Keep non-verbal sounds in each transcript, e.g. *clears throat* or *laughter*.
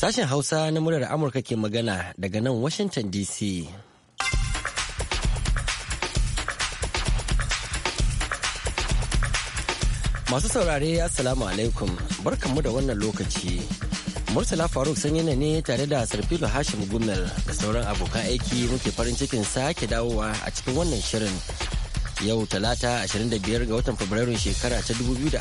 Sashen Hausa na muryar Amurka ke magana daga nan Washington DC. Masu saurare Assalamu alaikum barkanmu da wannan lokaci. Murtala Faruk yana ne tare da Sarfilo Hashim Gumel da sauran abokan aiki muke farin cikin sake dawowa a cikin wannan shirin. yau talata 25 ga watan fabrairun shekara ta 2020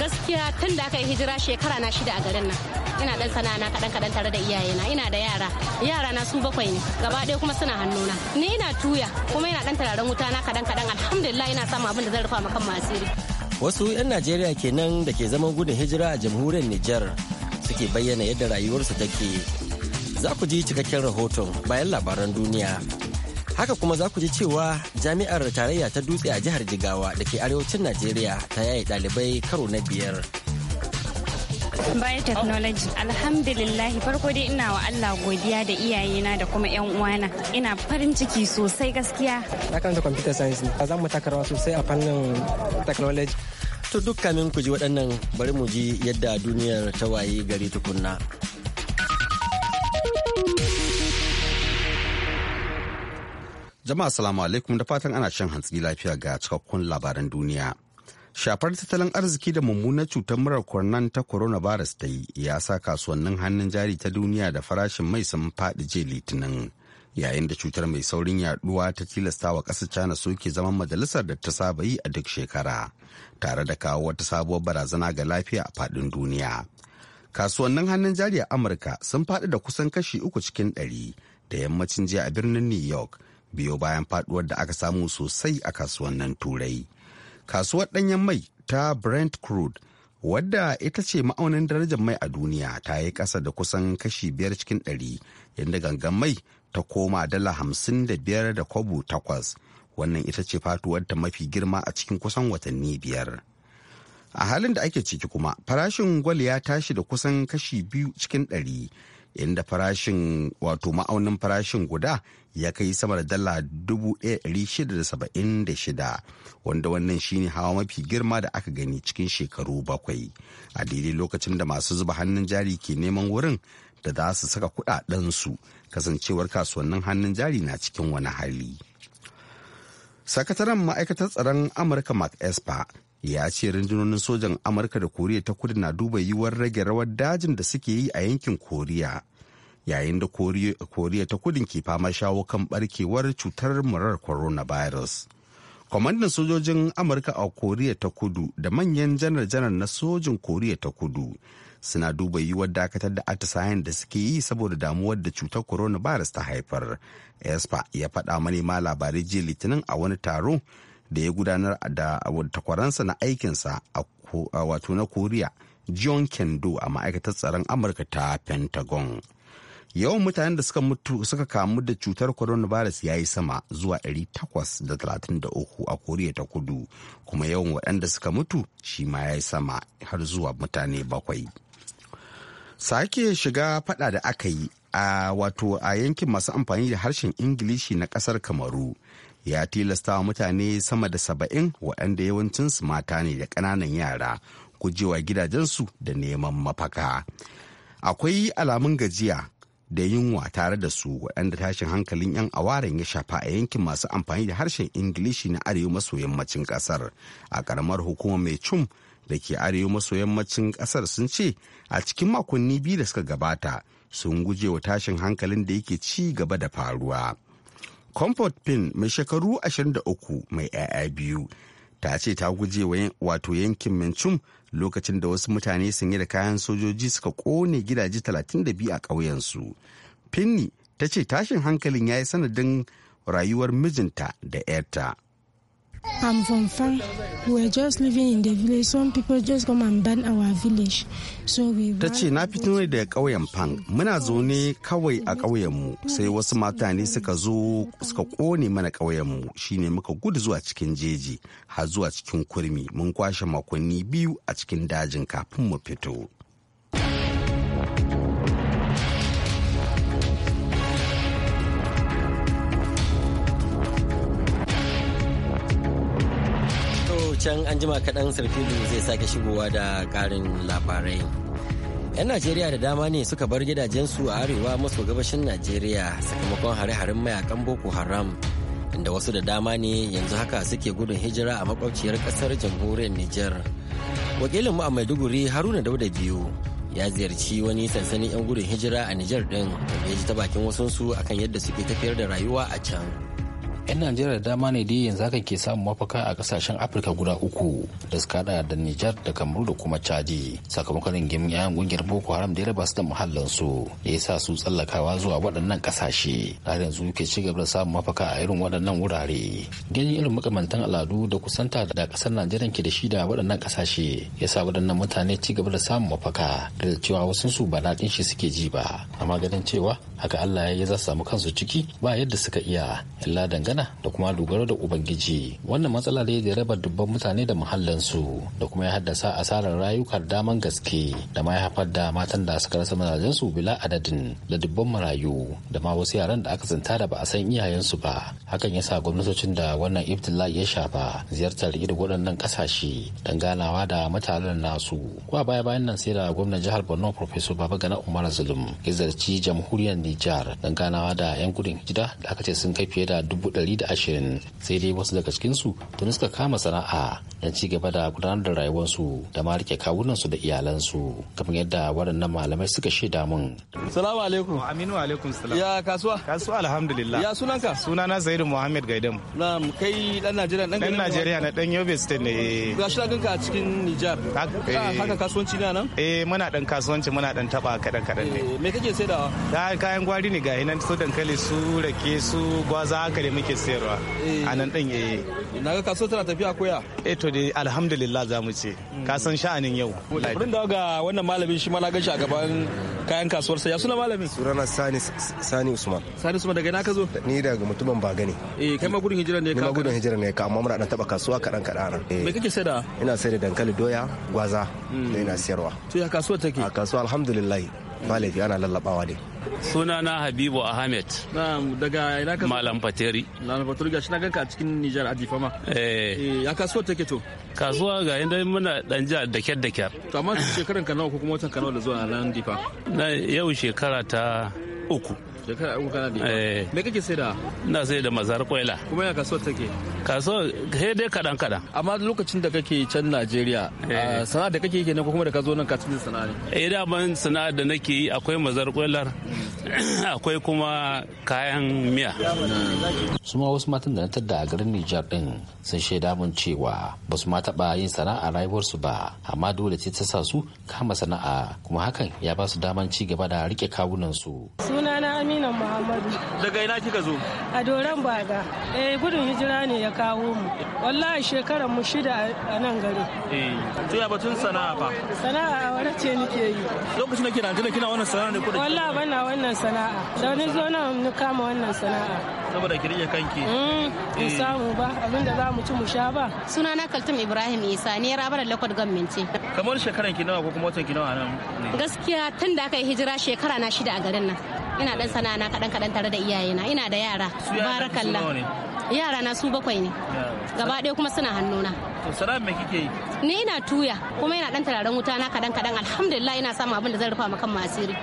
gaskiya tun da aka yi hijira shekara na shida a garin nan ina dan sana'a na kadan kadan tare da iyayena ina da yara yara na su bakwai ne gaba ɗaya kuma suna hannuna ni ina tuya kuma ina dan tararen wuta na kadan kadan alhamdulillah ina samun abin da zan rufa makan masiri wasu 'yan najeriya kenan da ke zaman gudun hijira a jamhuriyar nijar suke bayyana yadda rayuwarsu take za ku ji cikakken rahoton bayan labaran duniya haka kuma za ku ji cewa jami'ar tarayya ta dutse a jihar jigawa da ke arewacin najeriya ta yaye dalibai karo na biyar biotechnology alhamdulillah farko dai ina wa Allah godiya da iyayena da kuma yan uwana ina farin ciki sosai gaskiya na karanta computer science ne za mu taka rawa sosai a fannin technology to dukkanin ku ji waɗannan bari mu ji yadda duniyar ta waye gari tukunna Jama'a salamu alaikum da fatan ana shan hantsi lafiya ga cikakkun labaran duniya. Shafar tattalin arziki da mummunar cutar murar kwarnan ta coronavirus ta yi ya sa kasuwannin hannun jari ta duniya da farashin mai sun faɗi je litinin. Yayin da cutar mai saurin yaduwa ta tilasta wa ƙasar China soke zaman majalisar da ta saba yi a duk shekara, tare da kawo wata sabuwar barazana ga lafiya a faɗin duniya. Kasuwannin hannun jari a Amurka sun faɗi da kusan kashi uku cikin ɗari da yammacin jiya a birnin New York. biyo bayan faduwar da aka samu sosai a nan turai kasuwar ɗanyen mai ta brent crude wadda ita ce ma'aunin darajar mai a duniya ta yi ƙasa da kusan kashi biyar cikin ɗari yadda gangan mai ta koma dala hamsin da biyar da kwabo takwas wannan ita ce ta mafi girma a cikin kusan watanni biyar a halin da ake ciki kuma farashin gwal ya tashi da kusan kashi biyu cikin ɗari inda farashin wato ma'aunin farashin guda ya kai sama da dala 1,676 wanda wannan shine hawa mafi girma da aka gani cikin shekaru bakwai a daidai lokacin da masu zuba hannun jari ke neman wurin da za su saka kudadensu kasancewar kasuwannin hannun jari na cikin wani hali sakataren ma'aikatar tsaron amurka mark esper ya ce rundunonin sojan amurka da koriya ta kudu na duba yiwuwar rage rawar dajin da suke yi a yankin koriya yayin da koriya ta kudin ke fama shawo kan barkewar cutar murar coronavirus kwamandan sojojin amurka a koriya ta kudu da manyan janar-janar na sojin koriya ta kudu suna duba yiwuwar dakatar da atisayen da suke yi saboda damuwar da cutar coronavirus ta haifar espa ya faɗa manema labarai jiya litinin a wani taro da ya gudanar da takwaransa na aikinsa a wato na koriya john kendo a ma'aikatar tsaron amurka ta pentagon yawan mutanen da suka mutu suka kamu da cutar coronavirus ya yi sama zuwa 833 a koriya ta kudu kuma yawan waɗanda suka mutu shi ma ya yi sama har zuwa mutane bakwai sake shiga fada da aka yi a wato a yankin masu amfani da harshen ingilishi na ƙasar kamaru ya tilasta wa mutane sama da saba'in waɗanda yawancinsu mata ne da ƙananan yara gujewa gidajensu da neman mafaka akwai alamun gajiya da yunwa tare da su waɗanda tashin hankalin 'yan awaren ya shafa a yankin masu amfani da harshen ingilishi na arewa maso yammacin ƙasar a ƙaramar hukumar mai cum da ke arewa maso yammacin ƙasar sun ce a cikin makonni biyu da suka gabata sun guje wa tashin hankalin da yake ci gaba da faruwa comfort pin mai shekaru 23 mai 'ya'ya biyu ta ce ta guje wato yankin mincum lokacin da wasu mutane sun yi da kayan sojoji suka kone gidaje 32 a ƙauyensu. Finni ta ce tashin hankalin ya yi sanadin rayuwar mijinta da 'yarta. I'm from farm. We're just living in the village. Some people just come and burn our village. So we Ta ce na fito ne daga ƙauyen Pang. Muna zaune kawai a ƙauyenmu sai wasu mata ne suka zo suka ƙone mana ƙauyenmu shine muka gudu zuwa cikin jeji har zuwa cikin kurmi mun kwashe makonni biyu a cikin dajin kafin mu fito. can an jima kaɗan sarfilu zai sake shigowa da ƙarin labarai. 'Yan Najeriya da dama ne suka bar gidajensu a arewa maso gabashin Najeriya sakamakon hare-haren mayakan Boko Haram. Inda wasu da dama ne yanzu haka suke gudun hijira a makwabciyar ƙasar jamhuriyar Nijar. Wakilin mu a Maiduguri Haruna Dauda biyu ya ziyarci wani sansanin 'yan gudun hijira a Nijar ɗin da ya ji ta bakin wasansu akan yadda suke tafiyar da rayuwa a can. 'yan najeriya da dama ne dai yanzu haka ke samun mafaka a kasashen afirka guda uku da suka hada da nijar da kamaru da kuma chadi sakamakon rigimin 'ya'yan kungiyar boko haram da ya raba su da muhallansu ya sa su tsallakawa zuwa waɗannan kasashe har yanzu ke ci gaba da samun mafaka a irin waɗannan wurare ganin irin makamantan al'adu da kusanta da ƙasar najeriya ke da shi da waɗannan kasashe ya sa waɗannan mutane ci gaba da samun mafaka da cewa wasu su ba na shi suke ji ba amma ganin cewa haka Allah ya za samu kansu ciki ba yadda suka iya illa dangana da kuma dogaro da ubangiji wannan matsala da ya raba dubban mutane da muhallansu da kuma ya haddasa asarar rayuka daman gaske da ma ya haifar da matan da suka rasa mazajensu bila adadin da dubban marayu da ma wasu yaran da aka zanta da ba a san iyayensu ba hakan ya sa gwamnatocin da wannan ibtila'i ya shafa ziyartar irin waɗannan ƙasashe don ganawa da mutanen nasu kuma baya bayan nan sai da gwamnan jihar borno professor babagana umar zulum ya zarci jamhuriyar ne bari jihar don ganawa da 'yan gudun hijira da aka ce sun kai fiye da dubu ɗari da ashirin sai dai wasu daga cikinsu tuni suka kama sana'a don ci gaba da gudanar da rayuwarsu da ma rike kawunansu da iyalansu kamar yadda waɗannan malamai suka shaida mun. Salamu alaikum. Aminu alaikum salam. Ya kasuwa? Kasuwa alhamdulillah. Ya sunanka? Sunana Zaidu Muhammad Gaidam. Na kai dan Najeriya dan Dan Najeriya na dan Yobe State ne. Ga shi ganka a cikin Nijar. Eh. Haka kasuwanci na nan? Eh muna dan kasuwanci muna dan taba kadan kadan ne. Eh, me kake saidawa? Da kayan kayan gwari ne ga hinan su dankali su rake su gwaza haka ne muke sayarwa eh. a nan ɗan yayi eh. na ga kaso tana tafiya koya eh to dai alhamdulillah za mu ce hmm. ka san sha'anin yau burin da ga wannan malamin shi ma na gashi a gaban kayan kasuwar sa ya suna malamin sunana sani sani usman sani usman daga ina ka zo ni daga mutumin ba ne eh kai ma gudun hijira ne ka ma gudun hijira ne ka amma muna dan taba kasuwa kaɗan kaɗan eh. me kake saida ina saida dankali doya gwaza hmm. da ina sayarwa to ya kasuwar take a kasuwa alhamdulillah ba laifi ana lallabawa ne Suna na habibu ahmed daga ina ka malam fateri malam fateri gashi na ganka a cikin nijar a difama eh ya eh, kasuwa take to kasuwa ga inda muna dan ji da kyar da kyar to amma shekaran ka nawa ko kuma watan ka nawa da zuwa nan difa yau shekara ta uku shekara uku kana difa eh. me kake sai da ina sai da mazar kwaila kuma ya kasuwar take kaso sai dai kaɗan kaɗan amma lokacin da kake can najeriya eh. sana'a da kake yake ne kuma da ka zo nan ka cikin sana'a ne eh ban sana'a da nake yi akwai mazarkwalar hmm. *clears throat* akwai kuma kayan miya hmm. Suma wasu matan da na tada a garin nijar din sun shaida mun cewa ba su ma taɓa yin sana'a rayuwarsu ba amma dole ce ta sa su kama sana'a kuma hakan ya ba su daman ci gaba da rike kawunan su sunana amina muhammadu daga ina kika zo a doron baga eh gudun hijira ne ya kawo mu wallahi shekarar mu shida a nan gari eh to ya batun sana'a ba. sana'a aure ce nake yi lokacin da kina tana kina wannan sana'a ne ko wallahi bana wannan sana'a da ni zo nan ni kama wannan sana'a saboda ki rike kanki mm, in eh. samu ba abinda za mu ci mu sha ba suna na kaltum ibrahim isa ne rabar lakwat gwamnati kamar shekaran ki nawa ko kuma watan ki nawa nan gaskiya tun da aka yi hijira shekara na shida a garin nan ina dan sana'a na kadan kadan tare da iyayena ina da yara barakallah yara na su bakwai ne gaba ɗaya kuma suna hannuna To salam me kike yi? Ni ina tuya kuma ina dan tararen wuta na kadan kadan alhamdulillah ina samun abin da zan rufa makan masiri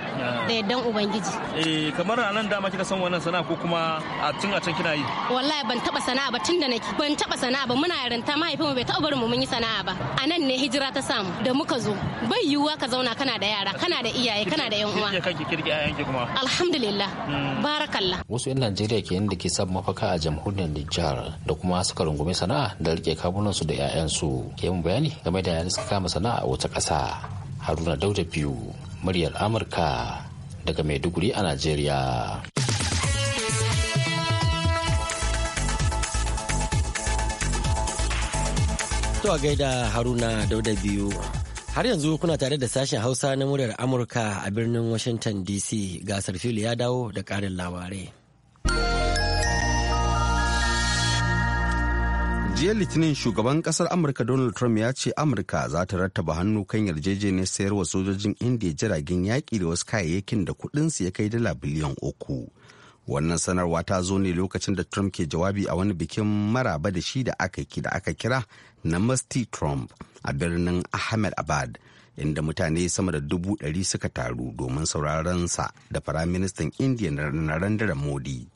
da yaddan ubangiji. Eh kamar a nan dama kika san wannan sana'a ko kuma a tun a can kina yi? Wallahi ban taba sana'a ba tun nake. Ban taba sana'a ba muna yarinta mahaifinmu bai taba barin mu mun yi sana'a ba. A nan ne hijira ta samu da muka zo. Bai yiwuwa ka zauna kana da yara, kana da iyaye, kana da yan uwa. Kike kanki kirki ki kuma. Alhamdulillah. Hmm. Barakallah. Wasu 'yan Najeriya ke yin da ke sab mafaka a jamhuriyar Nijar da kuma suka rungume sana'a da rike kabunansu da da 'ya'yansu ke mun bayani game da yadda suka kama sana'a wata ƙasa haruna dauda biyu muryar amurka daga maiduguri a najeriya To a gaida Haruna Dauda biyu. Har yanzu kuna tare da sashen Hausa na muryar Amurka a birnin Washington DC gasar fili ya dawo da ƙarin labarai. jiya litinin shugaban kasar amurka donald trump ya ce amurka za ta rattaba hannu kan yarjejeniyar sayarwa sojojin indiya jiragen yaƙi da wasu kayayyakin da su ya kai dala biliyan uku wannan sanarwa ta zo ne lokacin da trump ke jawabi a wani bikin maraba da shi da aka da aka kira namaste trump a birnin ahmed abad inda mutane sama da dubu ɗari suka taru domin sauraron sa da firaministan indiya narendra modi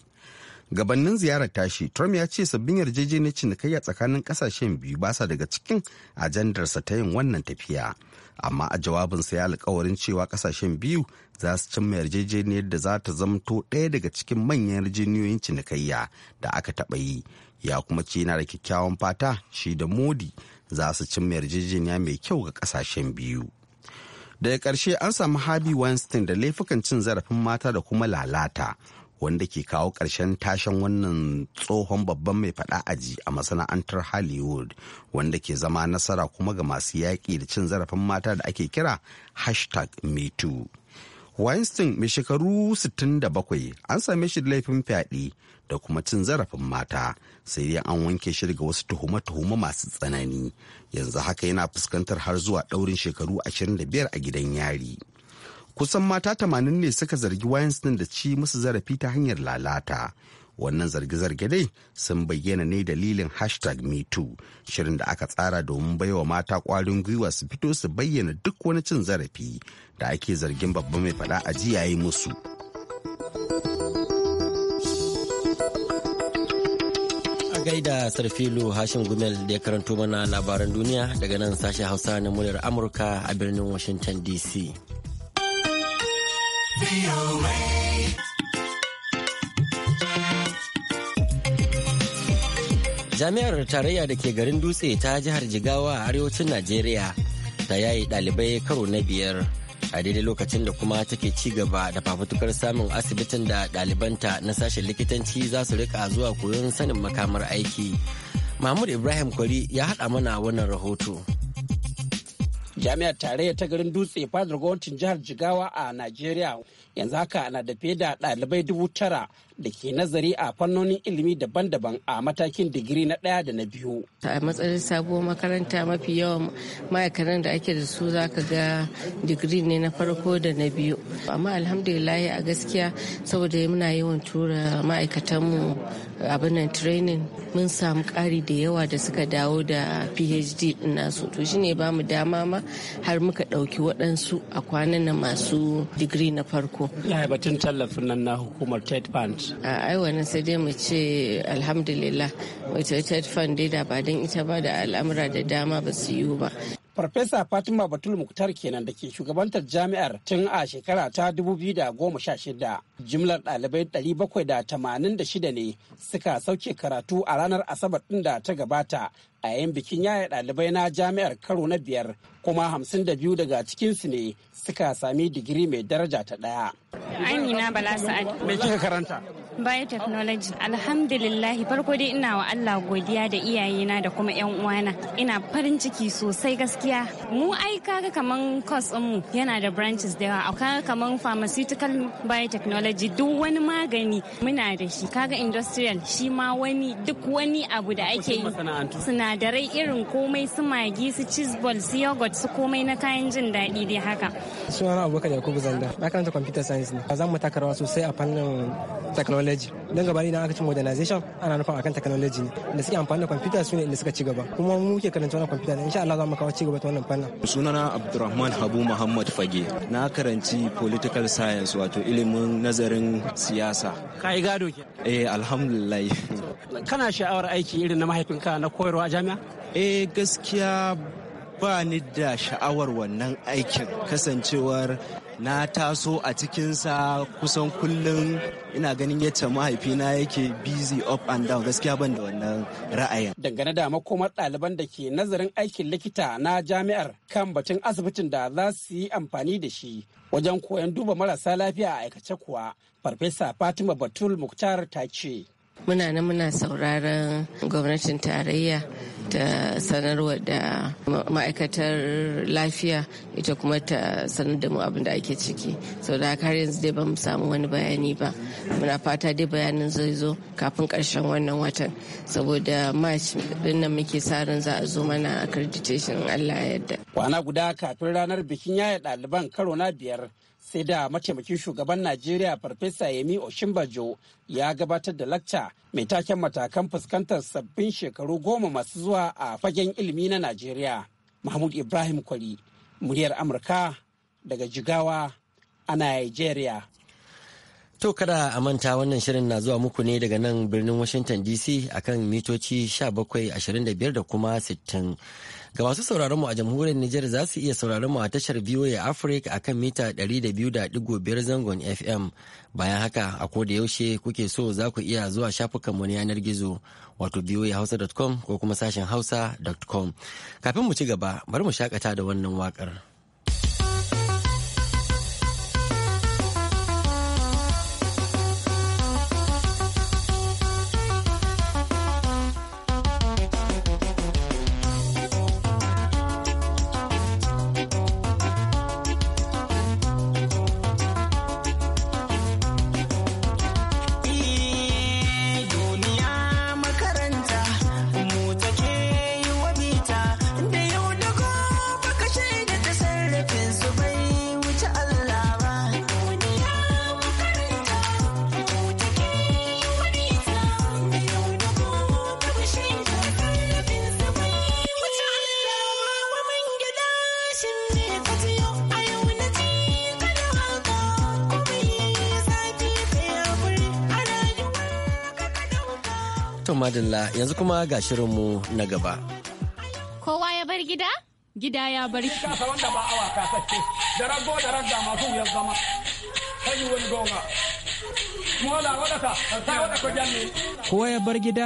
gabannin ziyarar tashi trump ya ce sabbin yarjejeniyar cinikayya tsakanin kasashen biyu ba sa daga cikin ajandarsa ta yin wannan tafiya amma a jawabinsa ya alkawarin cewa kasashen biyu za su cimma yarjejeniyar da za ta zamto ɗaya daga cikin manyan yarjejeniyoyin cinikayya da aka taɓa yi ya kuma ce yana da kyakkyawan fata shi da modi za su cimma yarjejeniya mai kyau ga kasashen biyu daga ƙarshe an samu Habi weinstein da laifukan cin zarafin mata da kuma lalata wanda ke kawo ƙarshen tashen wannan tsohon babban mai faɗa aji a masana'antar hollywood wanda ke zama nasara kuma ga masu yaƙi da cin zarafin mata da ake kira hashtag metoo weinstein mai shekaru 67 an same shi da laifin fyaɗe da kuma cin zarafin mata sai dai an wanke shi daga wasu tuhuma tuhuma masu tsanani yanzu haka yana fuskantar har zuwa ɗaurin shekaru 25 a gidan yari. kusan mata tamanin ne suka zargi Weinstein da ci musu zarafi ta hanyar lalata wannan zarge-zarge dai sun bayyana ne dalilin hashtag metoo shirin da aka tsara domin baiwa mata kwarin gwiwa su fito su bayyana duk wani cin zarafi da ake zargin babba mai fada a ji yayi musu a gaida sarfilu hashim gumel da ya karanto mana labaran duniya daga nan sashen hausa na muryar amurka a birnin washington dc Jami'ar tarayya da ke garin dutse ta jihar Jigawa a arewacin Najeriya ta yayi ɗalibai karo na biyar a daidai lokacin da kuma take ci gaba da fafutukar samun asibitin da ɗalibanta na sashen likitanci za su rika zuwa koyon sanin makamar aiki. Mahmud Ibrahim Kwari ya haɗa mana wannan rahoto. jami'ar tarayya ta garin dutse fadar gwamnatin jihar jigawa a najeriya yanzu haka na da fiye da ɗalibai dubu tara da ke nazari a fannonin ilimi daban-daban a matakin digiri na ɗaya da na biyu. A matsayin sabuwar makaranta mafi yawan ma'aikatan da ake da su zaka ga digiri ne na farko da na biyu. Amma alhamdulillah a gaskiya saboda muna yawan tura ma'aikatanmu bana training mun samu ƙari da yawa da suka dawo da phd nasu to shine ba mu dama ma har muka ɗauki waɗansu a kwanan masu digiri na farko. Yaya batun tallafin nan na hukumar ted fund a ai wannan sai dai mu ce alhamdulillah wato ita fande da ba don ita ba da al'amura da dama ba su yiwu ba Farfesa Fatima Batul Muktar kenan da ke shugabantar jami'ar tun a shekara ta 2016. Jimlar ɗalibai 786 ne suka sauke karatu a ranar Asabar ɗin da ta gabata a yayin bikin yaya ɗalibai na jami'ar karo na biyar kuma 52 daga cikinsu ne suka sami digiri mai daraja ta ɗaya. Amina Bala Sa'ad. Me kika karanta? Biotechnology. Alhamdulillah farko dai ina wa Allah godiya da iyayena da kuma 'yan uwana. Ina farin ciki sosai gaskiya gaskiya mu ai kaga kaman course din mu yana da branches da yawa kaga kaman pharmaceutical biotechnology duk wani magani muna da shi kaga industrial shi ma wani duk wani abu da ake yi sinadarai irin komai su magi su cheese ball su yogurt su komai na kayan jin daɗi dai haka sunana abubakar yakubu zanda na karanta computer science ne za mu taka rawa sosai a fannin technology don gaba idan aka ci modernization ana nufin akan technology ne da suke amfani da computer su ne inda suka ci gaba kuma mu ke karanta wannan computer insha Allah za mu kawo ci gurɓata wannan fannin. sunana abdulrahman habu muhammad fage na karanci political science wato ilimin nazarin siyasa ka yi gado ke eh alhamdulillah kana sha'awar aiki irin na mahaifinka na koyarwa a jami'a eh gaskiya ba ni da sha'awar wannan aikin kasancewar na taso a cikinsa kusan kullum ina ganin yadda mahaifina yake busy up and down gaskiya ban da wannan ra'ayin. Dangane da makomar ɗaliban da ke nazarin aikin likita na jami'ar kan batun asibitin da za su yi amfani da shi wajen koyon duba marasa lafiya a aikace kuwa Farfesa Fatima Batul Muktar ta ce. muna nan muna sauraron gwamnatin tarayya ta sanarwa da ma'aikatar lafiya ita kuma ta sanar da mu da ake ciki sau da har yanzu dai ba samu wani bayani ba muna fata dai bayanin zai zo kafin karshen wannan watan saboda march din nan muke sa za a zo mana accreditation allah ya yarda kwana guda kafin ranar bikin yaya ɗaliban karo na biyar sai da mataimakin shugaban najeriya farfesa yemi oshimbajo ya gabatar da lakca mai taken matakan fuskantar sabbin shekaru goma masu zuwa a fagen ilimi na najeriya mahmud ibrahim kwari muryar amurka daga jigawa a nigeria To kada a manta wannan shirin na zuwa muku ne daga nan birnin Washington DC akan mitoci 1725 da kuma 60. Ga masu sauraron mu a jamhuriyar Nijar za su iya sauraron mu a tashar VOA Africa a kan mita 200.5 zangon FM. Bayan haka a ko da yaushe kuke so za ku iya zuwa shafukan mu na yanar gizo wato voahausa.com ko kuma sashen hausa.com. Kafin mu ci gaba bari mu shakata da wannan wakar. madalla yanzu kuma ga shirinmu na gaba. Kowa ya bar gida? Gida ya bar shi. Kasa wanda ba awa kasashe, da rago da ragga masu wuyar zama, sanyi wani gonga. Kowa ya bar gida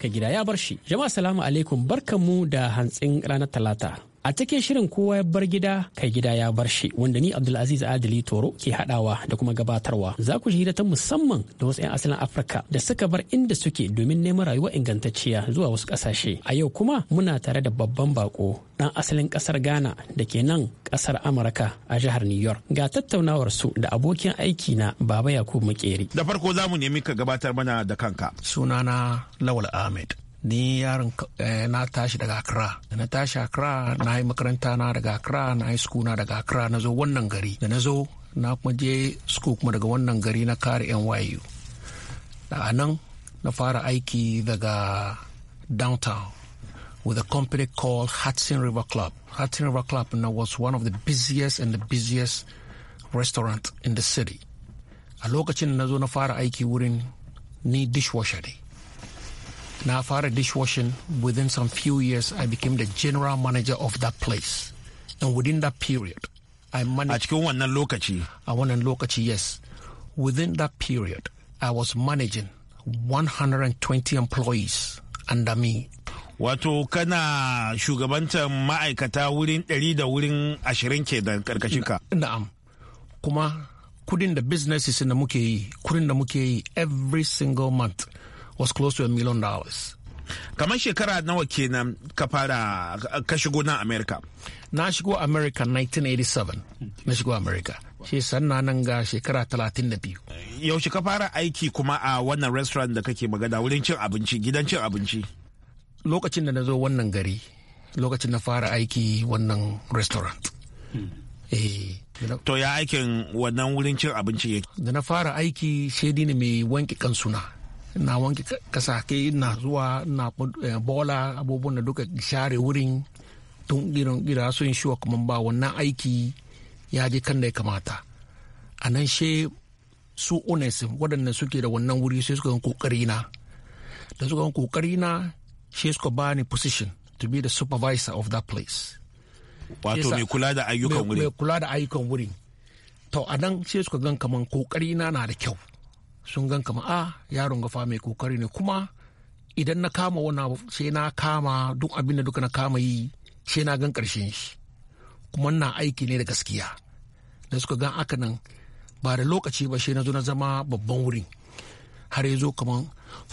ka gida ya bar shi. Jama'a salamu alaikum barkanmu da hantsin ranar talata. A cikin shirin kowa ya bar gida kai gida ya bar shi wanda ni Abdulaziz Adili Toro ke hadawa da kuma gabatarwa. Za ku shirya ta musamman da wasu 'yan asalin Afirka da suka bar inda suke domin neman rayuwa ingantacciya zuwa wasu kasashe. A yau kuma muna tare da babban bako dan asalin kasar Ghana da ke nan kasar Amurka a jihar New York. Ga tattaunawar su da abokin aiki na Baba Yakubu Makeri. Da farko za mu nemi ka gabatar mana da kanka. Sunana Lawal Ahmed. ni yaron eh, na tashi daga Accra da na tashi Accra na yi makaranta na daga Accra na yi school na daga Accra na zo wannan gari da na zo na kuma je school kuma daga wannan gari na kare NYU da anan na fara aiki daga downtown with a company called Hudson River Club Hudson River Club na was one of the busiest and the busiest restaurant in the city a lokacin na zo na fara aiki wurin ni dishwasher ne na fara dishwashing within some few years i became the general manager of that place and within that period i managed a cikin wannan lokaci a wannan lokaci yes within that period i was managing 120 employees under me wato kana shugabantar ma'aikata wurin 100 da wurin 20 ke da karkashin ka na'am kuma kudin da businesses da muke yi kudin da muke yi every single month was close to a million dollars. Kamar shekara nawa kenan ka fara ka shigo nan America? Na shigo America 1987. Na shigo America. Shi sanna nan ga shekara 32. Yaushe ka fara aiki kuma a wannan restaurant da kake magana wurin cin abinci gidan cin abinci? Lokacin da na zo wannan gari, lokacin na fara aiki wannan restaurant. Hmm. Eh, to ya aikin wannan wurin cin abinci yake? Da na fara aiki shaidi ne mai wanke kan suna. na wanke kasake na zuwa na eh, bola abubuwan da duka share wurin tun irin gira sun shiwa kuma ba wannan aiki ya je kan da ya kamata a nan she su onesim waɗanda suke da wannan wuri sai suka yi kokari na da suka yi kokari na she suka ba ni position to be the supervisor of that place wato mai kula da ayyukan wurin mai kula da ayyukan wurin to a nan she suka gan kaman kokari na na da kyau sun gan kama a ah, yaron gafa mai kokari ne kuma idan na kama wani abu sai na kama duk abin da duka na kama yi sai na gan karshen shi kuma na aiki ne da gaskiya da suka gan aka nan ba da lokaci ba sai na zo na zama babban wurin har ya zo kaman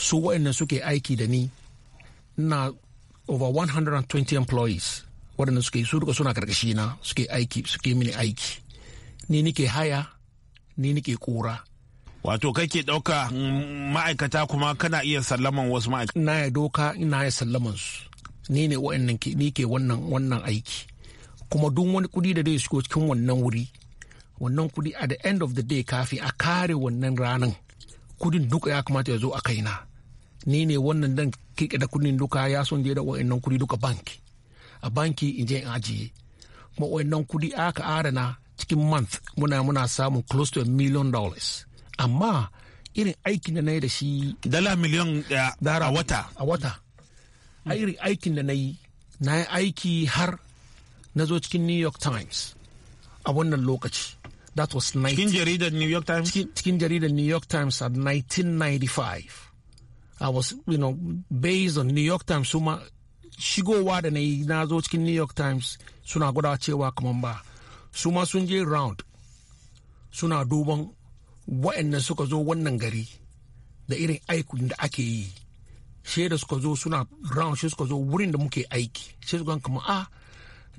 su waɗanda suke aiki da ni na over 120 employees waɗanda suke su duka suna karkashi na suke aiki suke mini aiki ni nike haya ni nike kura wato kake ɗauka ma'aikata kuma kana iya sallaman wasu ma'aikata na ya doka ina ya sallaman su ni ne wa'annan ke ni ke wannan aiki kuma duk wani kudi da zai shigo cikin wannan wuri wannan kudi at the end of the day kafi a kare wannan ranan kudin duka ya kamata ya zo a kaina ni ne wannan dan kike da kudin duka ya son je da wa'annan kudi duka banki a banki in je in ajiye kuma wa'annan kudi aka arana cikin month muna muna samun close to a million dollars amma irin aikin da na yi da shi dala miliyan a wata a wata a hmm. irin aikin da na yi na yi aiki har na zo cikin new york times a wannan lokaci that was cikin jaridar new york times cikin jaridar new york times at 1995 i was you know based on new york times suma shigowa da na yi na zo cikin new york times suna gudawa cewa kamar ba su ma sun je round suna duban wa'annan suka zo wannan gari da irin aikun da ake yi she suka zo suna round shi suka zo wurin da muke aiki shi suka kama a ah,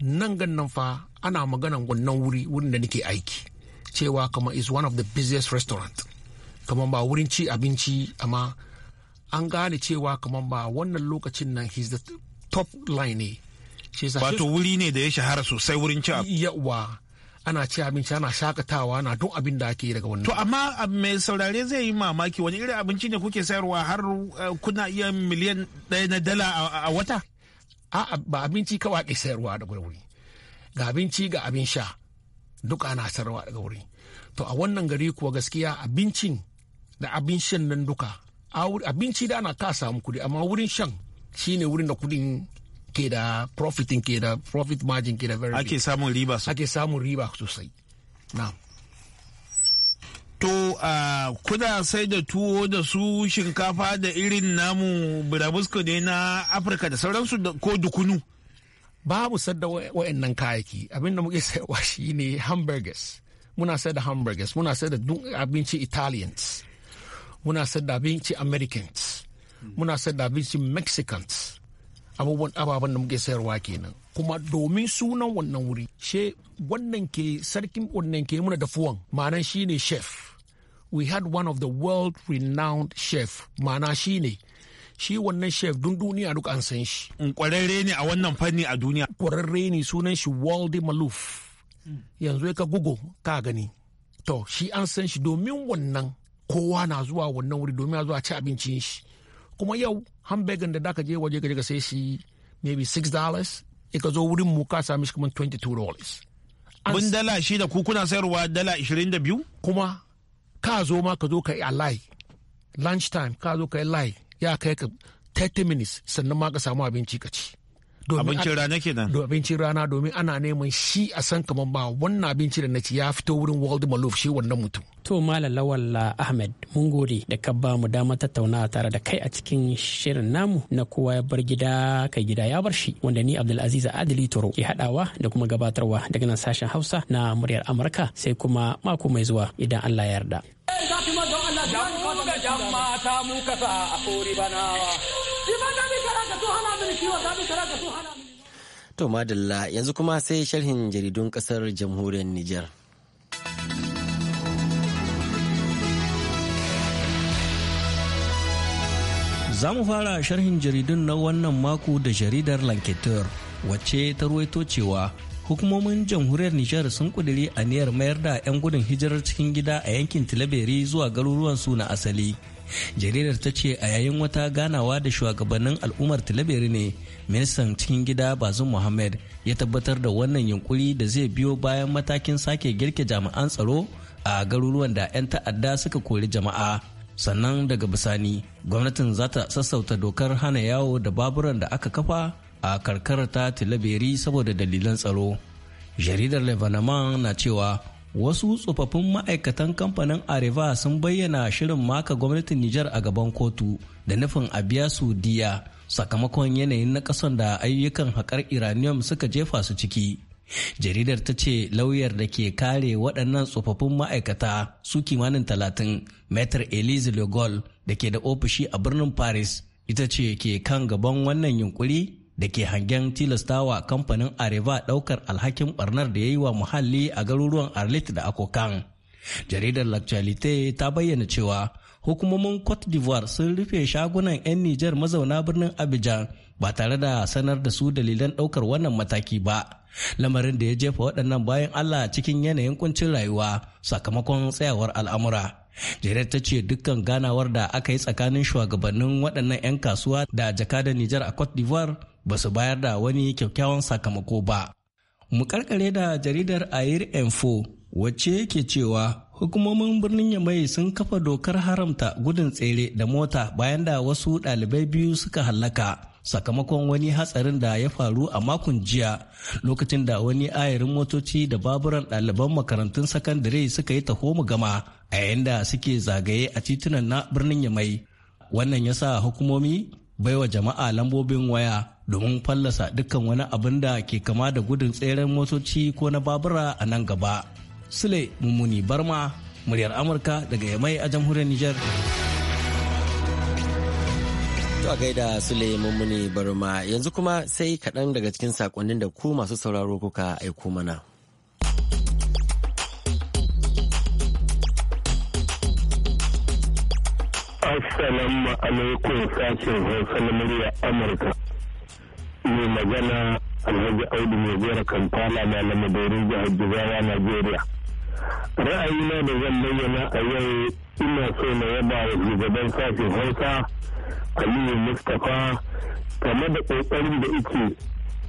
nan gan nan fa ana maganan wannan wuri wurin da nake aiki cewa kama is one of the busiest restaurant kama ba wurin ci abinci amma an gane cewa kama ba wannan lokacin nan he's the top line ne wato wuri ne da ya shahara sosai wurin ci yawa ana ci abinci ana shakatawa na duk abin da ake yi daga wannan to amma ah, mai saurare zai yi mamaki wani irin abinci ne kuke sayarwa har eh, kuna iya miliyan ɗaya na dala a wata a'a ba abinci kawai ake sayarwa daga wuri ga abinci ga abin sha duk ana sayarwa daga wuri to a wannan gari kuwa gaskiya abincin da abin shan nan duka abinci da ana ka samu kuɗi amma wurin shan shine wurin da kudin ke da profitin ke da profit margin ke da very ake samun riba sosai ake samun riba sosai na to a kuna sai da tuwo da su shinkafa da irin namu burabusko ne na afirka da sauransu ko dukunu babu sadda wa'annan kayaki abinda muke *laughs* sayarwa shine hamburgers muna sayar da hamburgers muna sayar da abinci italians muna sayar da abinci americans muna sayar da abinci mexicans abubuwan ababen da muke sayarwa kenan kuma domin sunan wannan wuri she wannan ke sarkin wannan ke muna dafuwan ma'ana shine chef we had one of the world renowned chef ma'ana shine shi wannan chef dun duniya duk an san shi mm, kwararre ne a wannan fanni a duniya kwararre ne sunan shi Waldi Maluf yanzu ka gugo ka gani to shi an san shi domin wannan kowa na zuwa wannan wuri domin a zuwa ci abincin shi kuma yau hamburger da daka je waje gaje ka sai shi maybe six dollars ika zo wurin mu ka sami shi kuma twenty two dollars. Bun dala shi da ku kuna sayarwa dala ishirin da biyu? Kuma ka zo ma ka zo ka yi a lunch time ka zo ka yi layi ya kai ka thirty minutes sannan ma ka samu abinci ka ci. abincin rana kenan abincin rana domin ana neman shi a san kamar ba wannan abinci da na ci ya fito wurin world maloof shi wannan mutum to malam lawalla ah, ahmed mun gode da ka ba mu dama tattaunawa tare da kai a cikin shirin namu na kowa ya bar gida kai gida ya bar shi wanda ni abdulaziz adili toro ke hadawa da kuma gabatarwa daga nan sashen hausa na muryar amurka sai kuma mako mai zuwa idan allah ya yarda eh, mata mu kasa a kori banawa. Ima da bi kara ka hana da bi kara ka To madalla yanzu kuma sai sharhin jaridun kasar jamhuriyar Nijar. Za mu fara sharhin jaridun na wannan mako da jaridar Lanketer wacce ta ruwaito cewa hukumomin jamhuriyar Nijar sun kuduri aniyar mayar da 'yan gudun hijirar cikin gida a yankin Tilaberi zuwa garuruwansu na asali. jaridar ta ce a yayin wata ganawa da shugabannin al'ummar talabiri ne ministan cikin gida bazum muhammad ya tabbatar da wannan yunkuri da zai biyo bayan matakin sake girke jami'an tsaro a garuruwan da 'yan ta'adda suka kori jama'a sannan daga bisani gwamnatin za ta sassauta dokar hana yawo da baburan da aka kafa a karkarar ta tilaberi saboda dalilan tsaro jaridar lebanon na cewa wasu tsofaffin ma'aikatan kamfanin areva sun bayyana shirin maka gwamnatin nijar a gaban kotu da nufin a biya su diya sakamakon yanayin na kasan da ayyukan haƙar iranium suka jefa su ciki jaridar ta ce lauyar da ke kare waɗannan tsofaffin ma'aikata su kimanin talatin metr elise legol da ke da ofishi a birnin paris ita ce ke kan gaban wannan yunkuri da ke hangen tilastawa kamfanin areva daukar alhakin barnar da ya yi wa muhalli a garuruwan arlit da akokan jaridar l'actualité ta bayyana cewa hukumomin cote d'ivoire sun rufe shagunan 'yan nijar mazauna birnin abidjan ba tare da sanar da su dalilan daukar wannan mataki ba lamarin da ya jefa waɗannan bayan allah cikin yanayin kuncin rayuwa sakamakon tsayawar al'amura Jaridar ta ce dukkan ganawar da aka yi tsakanin shugabannin waɗannan 'yan kasuwa da jakadar Nijar a Cote d'Ivoire ba su bayar da wani kyakkyawan sakamako ba. Mu karkare da jaridar Air Info wacce ke cewa hukumomin birnin Yamai sun kafa dokar haramta gudun tsere da mota bayan da wasu ɗalibai biyu suka hallaka. sakamakon wani hatsarin da ya faru a makon jiya lokacin da wani ayarin motoci da baburan ɗaliban makarantun sakandare suka yi taho gama a yayin da suke zagaye a titunan na birnin yamai wannan ya sa hukumomi baiwa jama'a lambobin waya domin fallasa dukkan wani abin da ke kama da gudun tseren motoci ko na babura a nan gaba. Sule Mummuni Barma, muryar Amurka daga Yamai a jamhuriyar Nijar. To a gaida Sule Mummuni Barma yanzu kuma sai kaɗan daga cikin saƙonnin da ku masu sauraro kuka aiko mana. Assalamu alaikum sashen Hausa na murya Amurka. Mai magana Alhaji Audu mai gora Kampala na lamadarin jihar Jigawa Najeriya. ra'ayi na da zan bayyana a yau ina so na yaba wa shugaban sashen Hausa Aliyu Mustapha game da ƙoƙarin da ike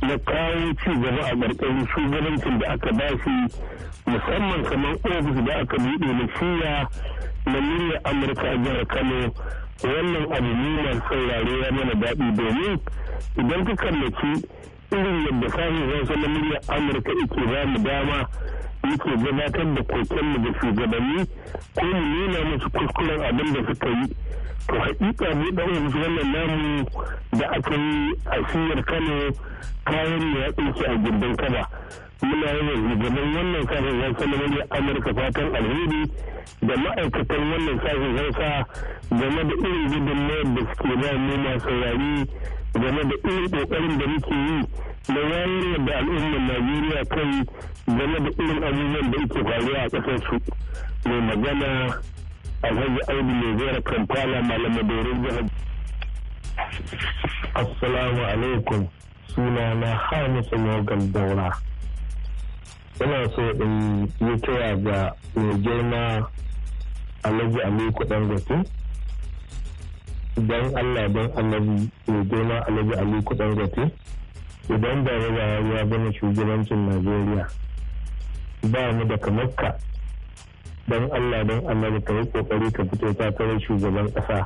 na kawo ci gaba a ƙarƙashin shugabancin da aka ba shi musamman kamar ofis da aka buɗe na shiya na murya amurka a jihar kano wannan abu ne masu saurare ya mana daɗi domin idan ka kallaci irin yadda samun hausa na murya amurka yake ba mu dama yake gabatar da kokenmu da shugabanni ko mu nuna musu kuskuren abin da suka yi to hakika ne da yanzu wannan namu da aka yi a siyar kano kayan ya ɗauki a gindin kaba muna yawan gaban wannan sashen hausa na wani amurka fatan alheri da ma'aikatan wannan sashen hausa game da irin gidan gudunmawar da suke ba mu masu rari game da irin ƙoƙarin da muke yi na wayar da al'ummar najeriya kai game da irin abubuwan da yake faruwa a su mai magana alhaji audu mai zera kampala malamai dorin jihar assalamu alaikum suna na hamisu morgan daura ina so in yi kira ga mai girma alhaji aliku dangote don allah dan annabi mai girma alhaji aliku dangote idan ba ya ya bane shugabancin najeriya ba mu da kamarka don Allah don Allah ka yi kokari ka fito takarar shugaban ƙasa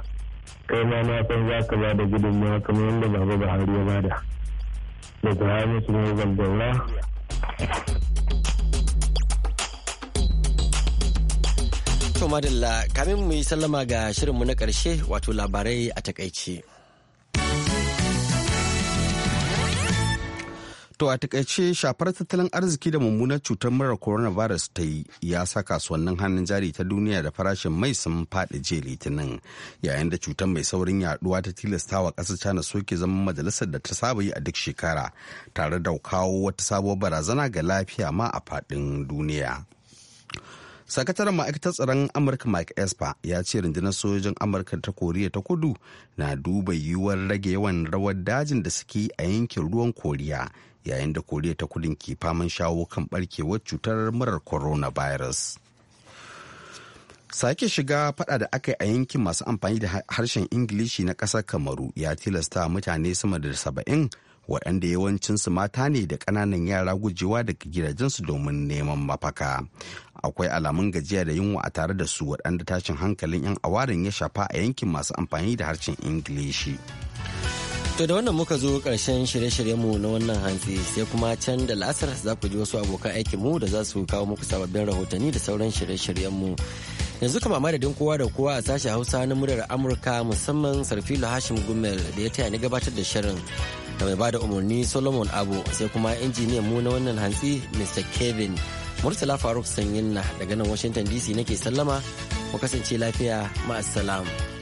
kai ma na san za ka ba da gudunmawa kamar yadda baba Buhari ya bada daga Hamisu Mugan Daura To madalla kamin mu yi sallama ga shirinmu na ƙarshe wato labarai a takaice. To a takaice shafar tattalin arziki da mummunar cutar mura coronavirus ta yi ya sa kasuwannin hannun jari ta duniya da farashin mai sun faɗi jiya litinin yayin da cutar mai saurin yaduwa ta tilasta wa ƙasar China soke zaman majalisar da ta saba yi a duk shekara tare da kawo wata sabuwar barazana ga lafiya ma a faɗin duniya. sakataren ma'aikatar tsaron amurka mike esper ya ce rundunar sojojin amurka ta koriya ta kudu na duba yiwuwar rage yawan rawar dajin da suke a yankin ruwan koriya yayin da koriya ta kudin ke faman shawo kan barkewar cutar murar coronavirus sake shiga fada da aka yi a yankin masu amfani da harshen ingilishi na ƙasar kamaru ya tilasta mutane sama da saba'in waɗanda yawancinsu mata ne da ƙananan yara gujewa daga gidajensu domin neman mafaka akwai alamun gajiya da yunwa a tare da su waɗanda tashin hankalin 'yan awarin ya shafa a yankin masu amfani da harshen ingilishi To da wannan muka zo karshen shirye-shiryenmu na wannan hantsi sai kuma can da la'asar za ku ji wasu abokan aikinmu da za su kawo muku sababbin rahotanni da sauran shirye-shiryenmu. Yanzu kama madadin kowa da kowa a sashen Hausa na muryar Amurka musamman Sarfilo Hashim Gumel da ya taya ni gabatar da shirin da mai bada umarni Solomon Abu sai kuma injiniyan mu na wannan hantsi Mr. Kevin. Murtala Faruk Sanyin na daga nan Washington DC nake sallama mu kasance lafiya ma'assalam.